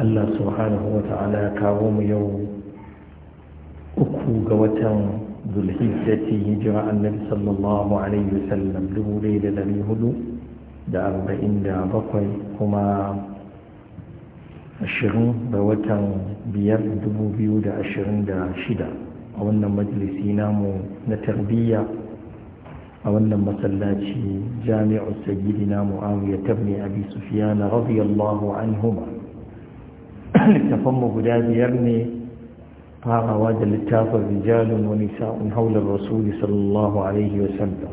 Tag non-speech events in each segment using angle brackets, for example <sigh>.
Allah subhanahu wa ta'ala ya kawo mu yau uku ga watan zulhijjati hijira annabi sallallahu alaihi wasallam dubu ɗaya da ɗari hudu da arba'in da bakwai kuma ashirin ga watan biyar dubu biyu da ashirin da shida a wannan majalisi namu na tarbiyya a wannan masallaci jami'ar sayyidina mu'awiya tabni abi sufiyana radiyallahu anhuma littafanmu guda biyar ne farawa da littafin rijalun wani sa'un haular rasuli sallallahu alaihi wasallam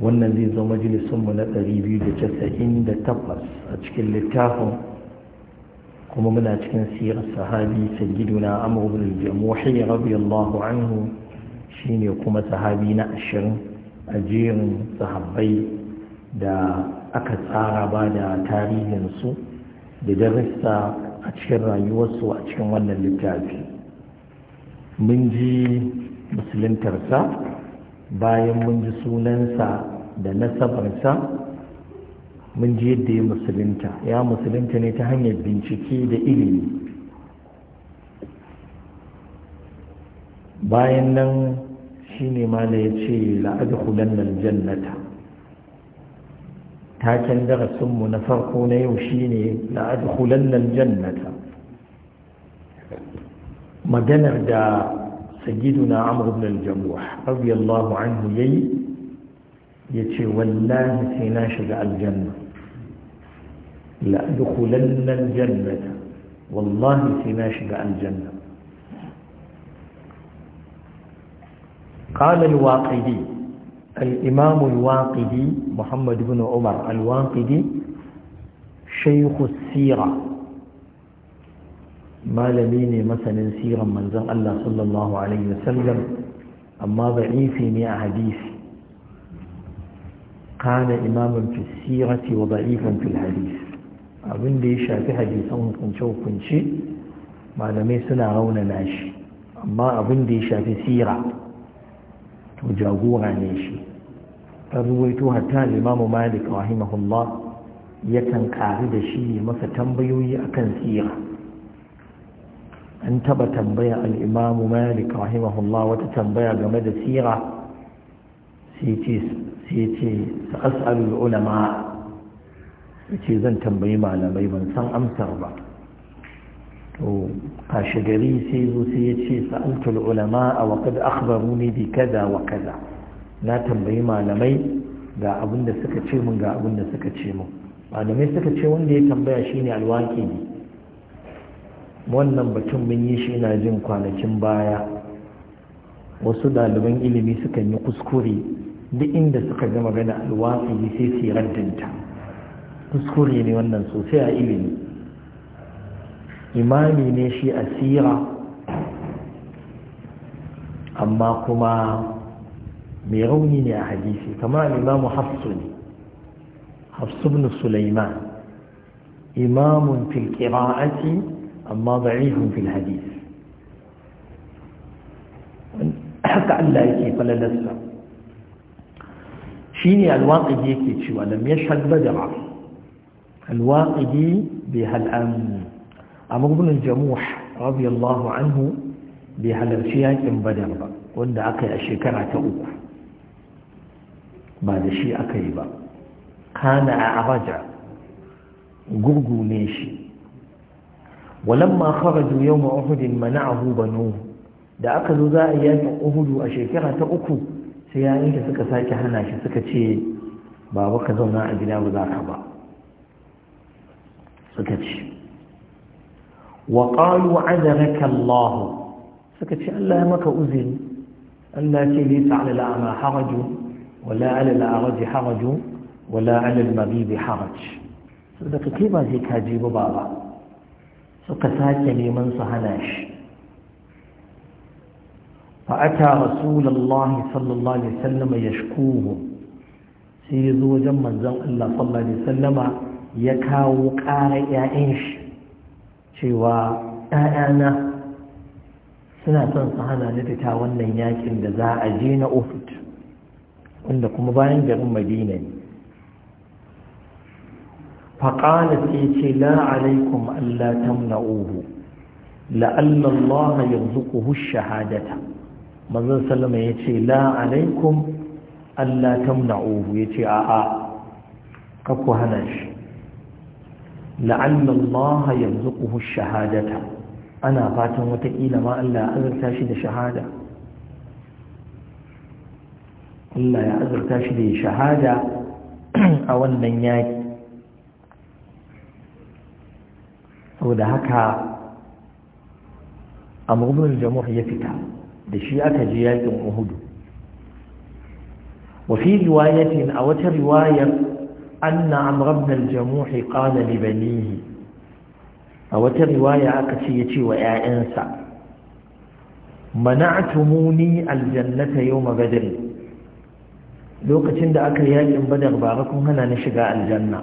wannan zai zo majalisunmu na 298 a cikin littafin kuma muna cikin sirar sahabi sayyiduna amr bin jamuhi radiyallahu anhu shine kuma sahabi na ashirin a jerin sahabbai da aka tsara ba da tarihinsu da darasta a cikin rayuwarsu a cikin wannan littafi mun ji musuluntarsa bayan mun ji sunansa da nasabarsa mun ji yadda ya musulunta ya musulunta ne ta hanyar bincike da ilimi bayan nan shi ne ma ya ce la'adhulanna jannata. هاكن دغ ثم نفركون يوشيني لأدخلن الجنة مجنع دا سيدنا عمرو بن الجموح رضي الله عنه يي يتي والله سيناشد الجنة لأدخلن الجنة والله سيناشد الجنة قال الواقدي الإمام الواقدي محمد بن عمر الواقدي شيخ السيرة ما لميني مثلا سيرا من زم الله صلى الله عليه وسلم أما من حديث كان إماما في السيرة وضعيفا في الحديث أبن da شافي حديثا من hukunce-hukunce malamai suna raunana shi amma abin da ya shafi sira to jagora ruwaito hatta limamu malik rahimahullah yakan ƙari da shi masa tambayoyi akan tsira an taba tambaya al'imamu malik rahimahullah wata tambaya game da sira sai ce sa'as'alul ulama ce zan tambayi malamai ban san amsar ba to kashe gari sai zo sai ya ce sa'altul ulama a waƙad akhbaruni bi kaza wa kaza na tambayi malamai ga abin da suka ce mun ga abin da suka ce mun malamai suka ce wanda ya tambaya shine alwaki ne wannan batun mun yi shi ina jin kwanakin baya wasu ɗaliban ilimi suka yi kuskure duk inda suka ga magana alwaki sai su raddanta kuskure ne wannan sosai a ilimi imami ne shi asira amma kuma mai rauni ne a hadisi kama imamu hafsu ne hafsu ibn sulaiman imamun fil qira'ati amma da'ifun fil hadis haka Allah yake falalarsa shine alwaqidi yake cewa lam yashhad badra alwaqidi bi hal am amr ibn al-jamuh radiyallahu anhu bi halarci yakin badar ba wanda aka yi a shekara ta uku ba da shi aka yi ba kana a abaja gurgu ne shi walamma kharaju yawma uhud mana'ahu banu da aka zo za a yakin uhudu a shekara ta uku sai yayin suka sake hana shi suka ce baba zauna a gida ba za ka ba suka ce wa qalu adaraka Allah suka ce Allah ya maka uzuri Allah ce laysa 'ala al-a'ma ولا على الأعرج حرج ولا على المريض حرج saboda kai ba zai kaji ba suka sake neman su hana shi fa aka rasulallah sallallahu alaihi wasallam ya shkuhu sai ya zo wajen manzon Allah sallallahu alaihi wasallam ya kawo ƙara ƴaƴan shi cewa ƴaƴana suna son su hana ni fita wannan yakin da za a je na ofit wanda kuma bayan garin madina ne faƙala sai ce la alaikum allah tamna'uhu la'alla allah yarzuquhu shahadata mazan salama ya ce la alaikum allah tamna'uhu ya ce a'a ka hana shi la'alla allah yarzuquhu shahadata ana fatan watakila ma allah azurta shi da shahada Allah ya azurta shi da shahada a wannan yaki saboda haka amurbin jamhur ya fita da shi aka ji yakin uhudu wafi riwayatin a wata riwayar anna amurbin jamhur qala li banihi a wata riwaya aka ce ya ce wa 'ya'yansa mana'tumuni aljannata ma badri lokacin da aka yakin badar bara kun hana ni shiga aljanna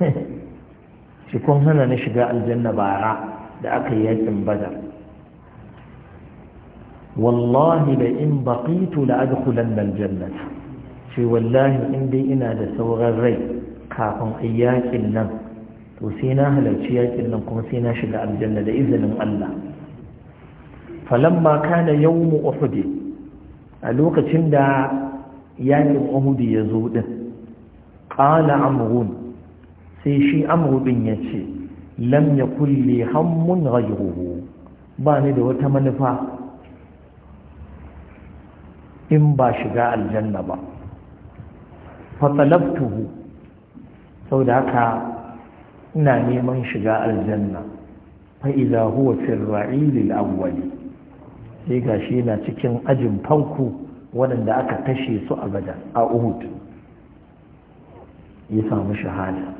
<laughs> shi kun hana ni shiga aljanna bara da aka yakin badar wallahi da in baqitu la adkhulanna aljanna shi wallahi in dai ina da sauran rai kafin yakin nan to sai na halarci yakin nan kuma sai na shiga aljanna da izinin Allah falamma kana yawmu uhud a lokacin da yakin umudi ya zo din Ƙala amrun sai shi amru din ce lam yakul kulle hammun ghayruhu ba ni da wata manufa in ba shiga aljanna ba fa talabtuhu da haka ina neman shiga aljanna fa idza huwa fi ar sai gashi yana cikin ajin fanku waɗanda aka kashe su a bada a uhud ya samu shahada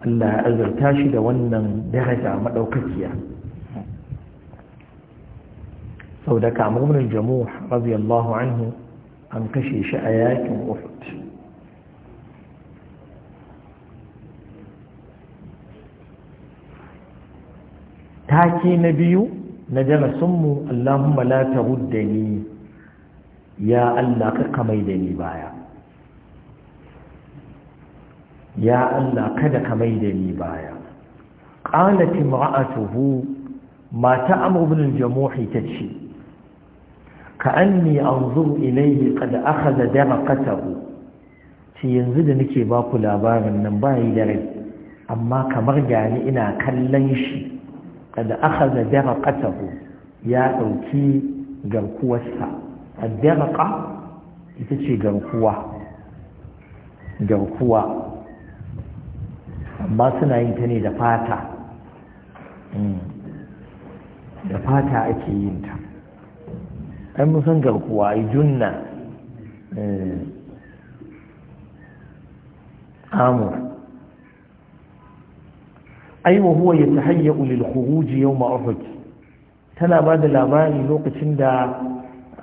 Allah ya azurta shi da wannan daraja maɗaukakiya sau da kamurin jamuh radiyallahu anhu an kashe shi a yakin uhud taki na biyu na darasinmu Allahumma la taruddani ya Allah ka mai da ni baya ya Allah kada ka mai da ni baya qalat imra'atuhu mata amr ibn al-jamuh tace ka'anni anzuru ilayhi qad akhadha daraqatahu shi yanzu da nake ba ku labarin nan ba yi da rai amma kamar gani ina kallon shi qad akhadha daraqatahu ya dauki garkuwarsa addaqa ita ce garkuwa garkuwa amma suna yin ta ne da fata da fata ake yin ta ai musan garkuwa yi junna amur ai wa huwa yatahayyu lil khuruj yau uhud tana ba da labari lokacin da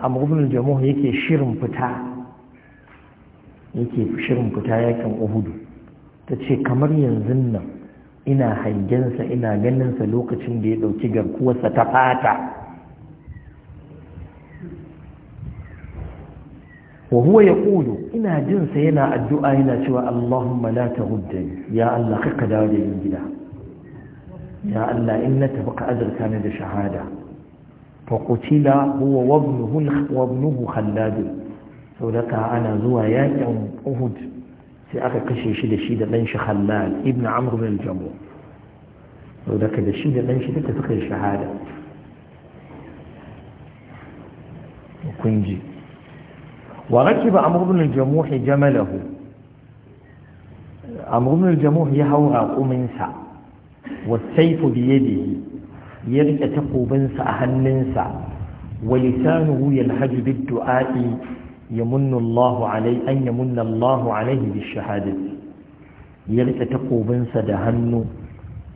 amurbin jamuhu yake shirin fita yake shirin fita yakin uhudu ta ce kamar yanzu nan ina hangensa ina ganinsa lokacin da ya ɗauki garkuwarsa ta fata wa huwa ya ƙudu ina jinsa yana addu'a yana cewa Allahumma la ta ya Allah ka dawo da yin gida ya Allah in na tafi ka azurta ni da shahada فقتل هو وابنه وابنه خلاد سولك أنا زوا ياكم أهد سأك كشي شد شيد منش خلاد ابن عمرو بن الجموع سولك دشيد منش تتفق الشهادة كنجي وركب عمرو بن الجموح جمله عمرو بن الجموح يهوى قمنسا والسيف بيده ya takobinsa a hannunsa wa lisanuhu yalhaju bid-du'a'i yamunnu Allahu alai an Allahu alaihi bi shahadati ya takobinsa da hannu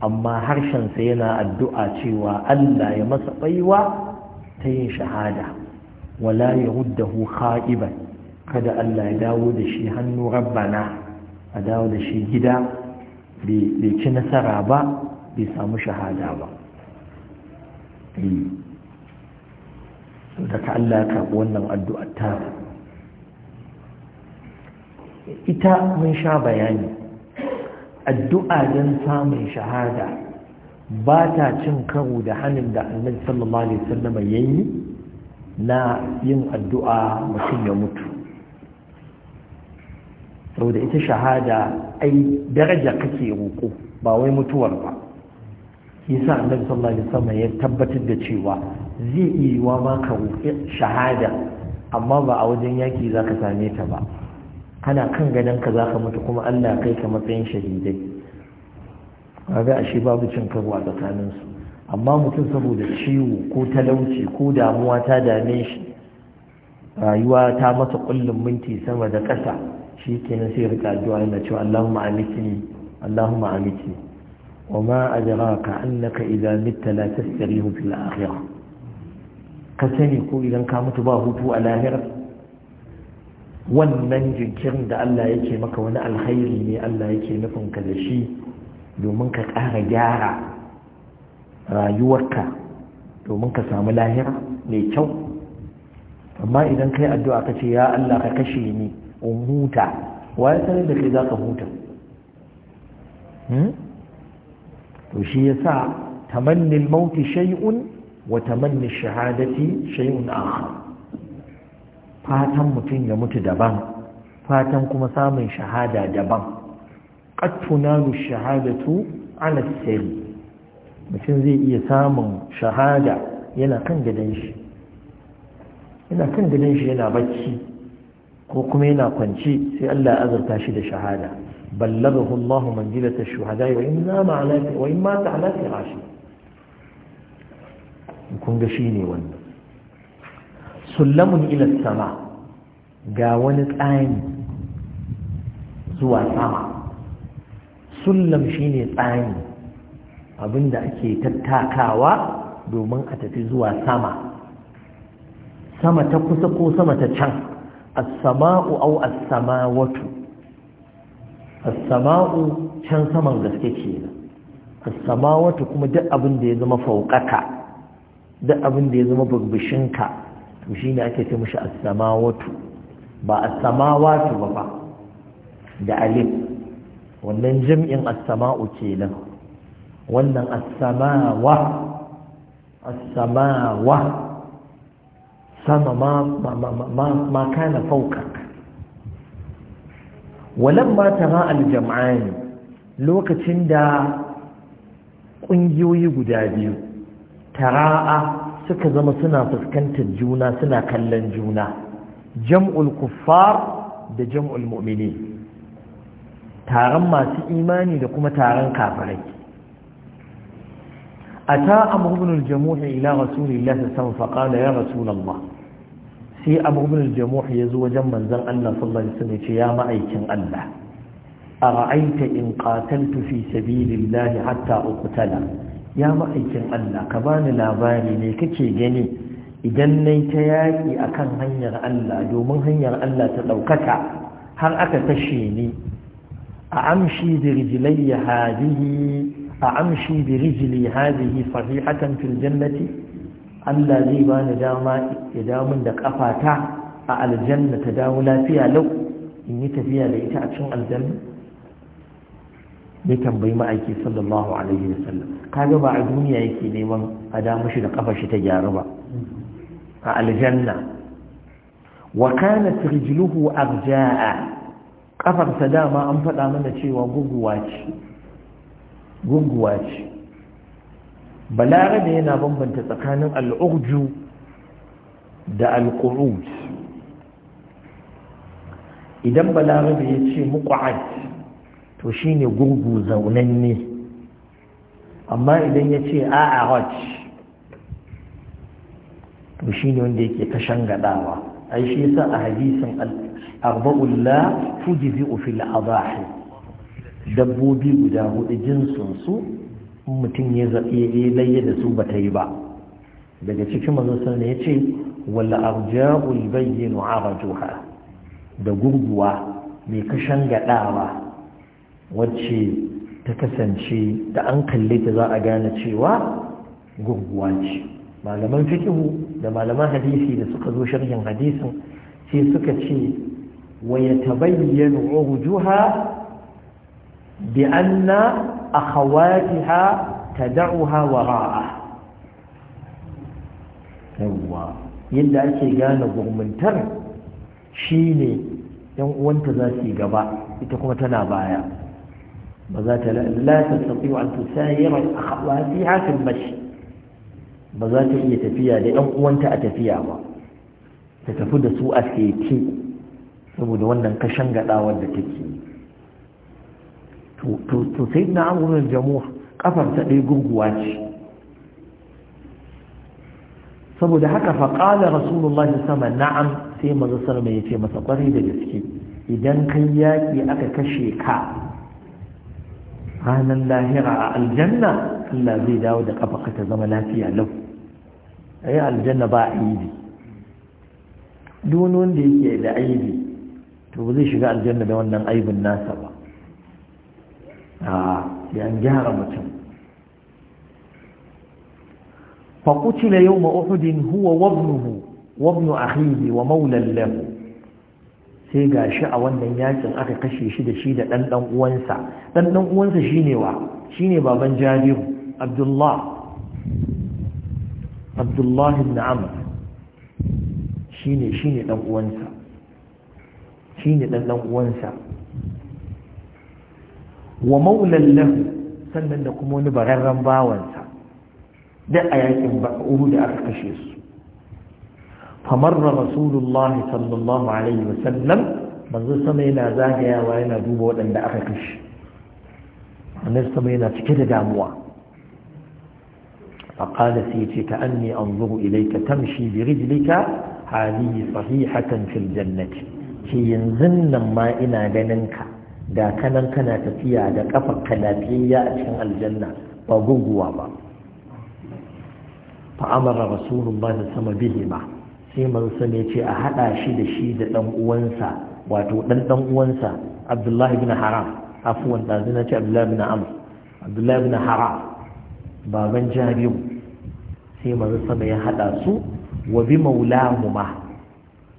amma harshensa yana addu'a cewa Allah ya masa baiwa ta yin shahada wala yahuddahu kha'iban kada Allah ya dawo da shi hannu rabbana a dawo da shi gida bai ci nasara ba bai samu shahada ba so daga Allah ya karɓi wannan addu'ar ta ita mun sha bayani addu'a don samun shahada ba ta cin karo da hannun da annabi sallallahu alaihi wasallam ya yi na yin addu'a mutum ya mutu saboda ita shahada ai daraja kake roƙo ba wai mutuwar ba yasa annabi sallallahu alaihi wasallam ya tabbatar da cewa zai iya yiwa ma ka shahada amma ba a wajen yaki zaka same ta ba kana kan gadon ka za ka mutu kuma Allah kai ka matsayin shahidai kaga ashe babu cin karo a tsakanin su amma mutum saboda ciwo ko talauci ko damuwa ta dame shi rayuwa ta masa kullum minti sama da ƙasa shi kenan sai rika addu'a yana cewa Allahumma amitni Allahumma amitni وما أدراك أنك إذا مت لا تستريه ko الآخرة ka mutu ba hutu a lahirar? wannan jinkirin da Allah yake maka wani alkhairi ne Allah yake nufin ka da shi domin ka ƙara gyara rayuwarka domin ka samu lahira mai kyau amma idan kai addu'a ka ce ya Allah kashe ni in huta wa ya sanar da kai za ka huta to shi yasa tamanni al-maut shay'un wa tamanni shahadati shay'un akhar fatan mutum ya mutu daban fatan kuma samun shahada daban qad shahadatu ala sirri mutum zai iya samun shahada yana kan gidan shi yana kan gidan shi yana bacci ko kuma yana kwanci sai Allah ya azurta shi da shahada بلغه الله منزلة الشهداء وإما معناه وإما تعالى فراشي kun ga shi ne wannan sullamun ila sama ga wani tsani zuwa sama sullam shi ne tsani abinda ake tattakawa domin a tafi zuwa sama sama ta kusa ko sama ta can as au aw as-samawatu as-sama'u can saman gaske kenan as-samawatu kuma duk abin da ya zama fauƙaka duk abin da ya zama ka to shine ake ce mashi as-samawatu ba as-samawatu ba ba da alif wannan jam'in as-sama'u kenan wannan as-samawa as-samawa sama ma ma ma ma kana fauƙaka walamma tara aljam'ani lokacin da ƙungiyoyi guda biyu tara'a suka zama suna fuskantar juna suna kallon juna jam'ul kuffar da jam'ul mu'mini taron masu imani da kuma taron kafirai ata amrubun aljamuhi ila rasulillahi sallallahu alaihi wasallam faqala ya rasulullah sai abubuwan ibn jamuh ya zo wajen manzon Allah sallallahu alaihi ya ce ya ma'aikin Allah ra'aita in qataltu fi sabilillahi hatta uqtala ya ma'aikin Allah ka bani labari ne kake gani idan nayi ta yaki akan hanyar Allah domin hanyar Allah ta daukaka har aka tashe ni a amshi bi rijliya hadihi a amshi bi rijli fil jannati Allah zai ba ni dama ya damun da kafata a aljanna ta dawo lafiya lau in yi tafiya da ita a cikin aljanna ya tambayi ma'aiki sallallahu alaihi wa sallam kaga ba a duniya yake neman a damu shi da kafa shi ta gyaru ba a aljanna wa kana rijluhu arja'a kafar dama an faɗa mana cewa guguwa ce guguwa ce balarabe yana bambanta tsakanin al'urju da al'urut idan balarabe ya ce muƙa'ad to shi ne gurgu zaunanne amma idan ya ce a'araj to shi ne wanda yake kashen gadawa ai shi yasa a hadisin arba'ullah fujizi fil adahi dabbobi guda hudu jinsunsu mutum ya zaɓe layya da su ba ta yi ba daga cikin manzon ne ya ce wala arja'ul bayyinu arajuha da gurguwa mai kashan gaɗawa wacce ta kasance da an kalle ta za a gane cewa gurguwa ce malaman fikihu da malaman hadisi da suka zo sharhin hadisin sai suka ce wa yatabayyanu urjuha bi anna akhawatiha tad'uha wara'a yadda ake gane gurmuntar shine yan uwanta za su gaba ita kuma tana baya ba za ta la tastati'u an tusayira akhawatiha fil mashi ba za ta iya tafiya da yan uwanta a tafiya ba ta tafi da su a seke saboda wannan kashin gadawar da to sai na amurin kafar ta ɗaya gurguwa ce saboda haka faƙala rasulullah sama na'am sai mazasar salma ya ce masa ƙwarai da gaske idan kai yaƙi aka kashe ka ranar lahira a aljanna Allah zai dawo da ƙafa ta zama lafiya lau ai aljanna ba aibi duk wanda yake da aibi to ba zai shiga aljanna da wannan aibin nasa ba a an gyara mutum yau فقتل يوم أحد هو وابنه وابن أخيه ومولى له sai ga shi a wannan yakin aka kashe shi da shi da ɗanɗan uwansa Ɗanɗan ɗan uwansa shine wa shine baban Jariru. abdullah abdullah ibn amr shine shine ɗan uwansa shine ɗan ɗan uwansa wa maulan lahu sannan da kuma wani bararren bawansa duk a yakin uhu da aka kashe su famarra rasulullahi sallallahu alaihi wasallam manzo sama yana zagayawa yana duba waɗanda aka kashe annabi sama yana cike da damuwa ta سيتي كأني أنظر إليك تمشي برجلك هذه صحيحة Ke yanzun nan ma ina ganin ka. da kanan kana tafiya da kafar ka a cikin aljanna ba guguwa ba rasulun ba rasulullah sama bihi ma sai manzo ne ce a haɗa shi da shi da ɗan uwansa wato ɗan ɗan uwansa abdullahi ibn haram afwan da zina ce abdullahi bin amr abdullahi bin haram baban jabiru sai manzo sama ya haɗa su wa bi maulahuma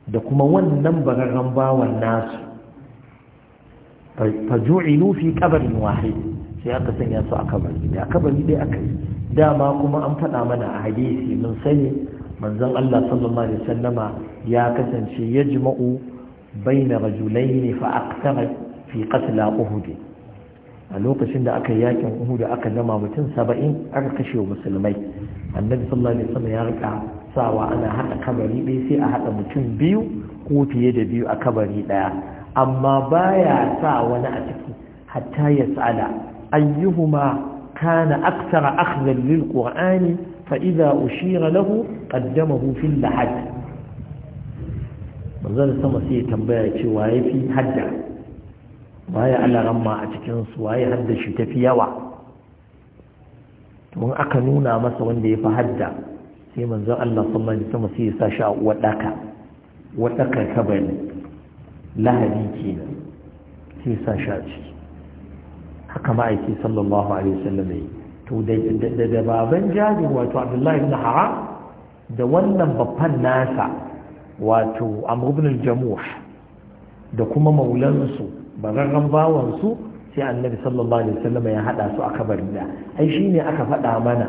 da kuma wannan bararren bawan nasu faju'ilu fi qabrin wahid sai aka sanya su a kabari da kabari dai aka yi dama kuma an faɗa mana a hadisi mun sani manzon Allah sallallahu alaihi wasallama ya kasance yajma'u baina rajulaini fa aqtara fi qatl uhud a lokacin da aka yakin uhud aka nama mutum 70 aka kashe musulmai annabi sallallahu alaihi wasallam ya rika sawa ana hada kabari dai sai a hada mutum biyu ko fiye da biyu a kabari daya amma baya sa wani a ciki hatta ya tsala ayyuhuma kana aktara akhzan lil qur'ani fa idza ushira lahu qaddamahu fil lahad manzon sama sai ya tambaya cewa fi hadda waye alaran ma a cikin su waye hadda shi tafi yawa to aka nuna masa wanda ya fi hadda sai manzon Allah sallallahu alaihi wasallam sai ya sa shi a wadaka wadaka kabari lahadi ke sai sa sha ciki haka ma'aiki sallallahu alaihi wasallam ya yi to da baban jari wato abdullahi ibn haram da wannan babban nasa wato amrubin jamuh da kuma maulansu bararren bawansu sai annabi sallallahu alaihi wasallam ya hada su a kabari da ai shine aka faɗa mana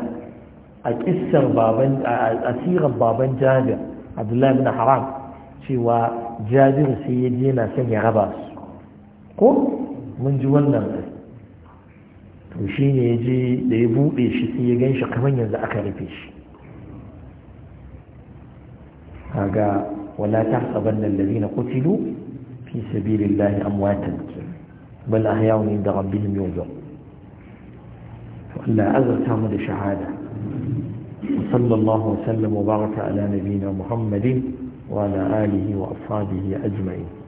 a kissar baban asirar baban jabir abdullahi ibn haram cewa jabiru sai ya je na son ya raba su ko mun ji wannan to shi ne ya je da ya buɗe shi sai ya gan shi kamar yanzu aka rufe shi kaga wala ta saban da lalina kutilu fi sabilillahi amwatan bal da inda rabbihim yawzun Wala azurta mu da shahada sallallahu alaihi wa sallam wa baraka ala nabiyina muhammadin وعلى آله وأصحابه أجمعين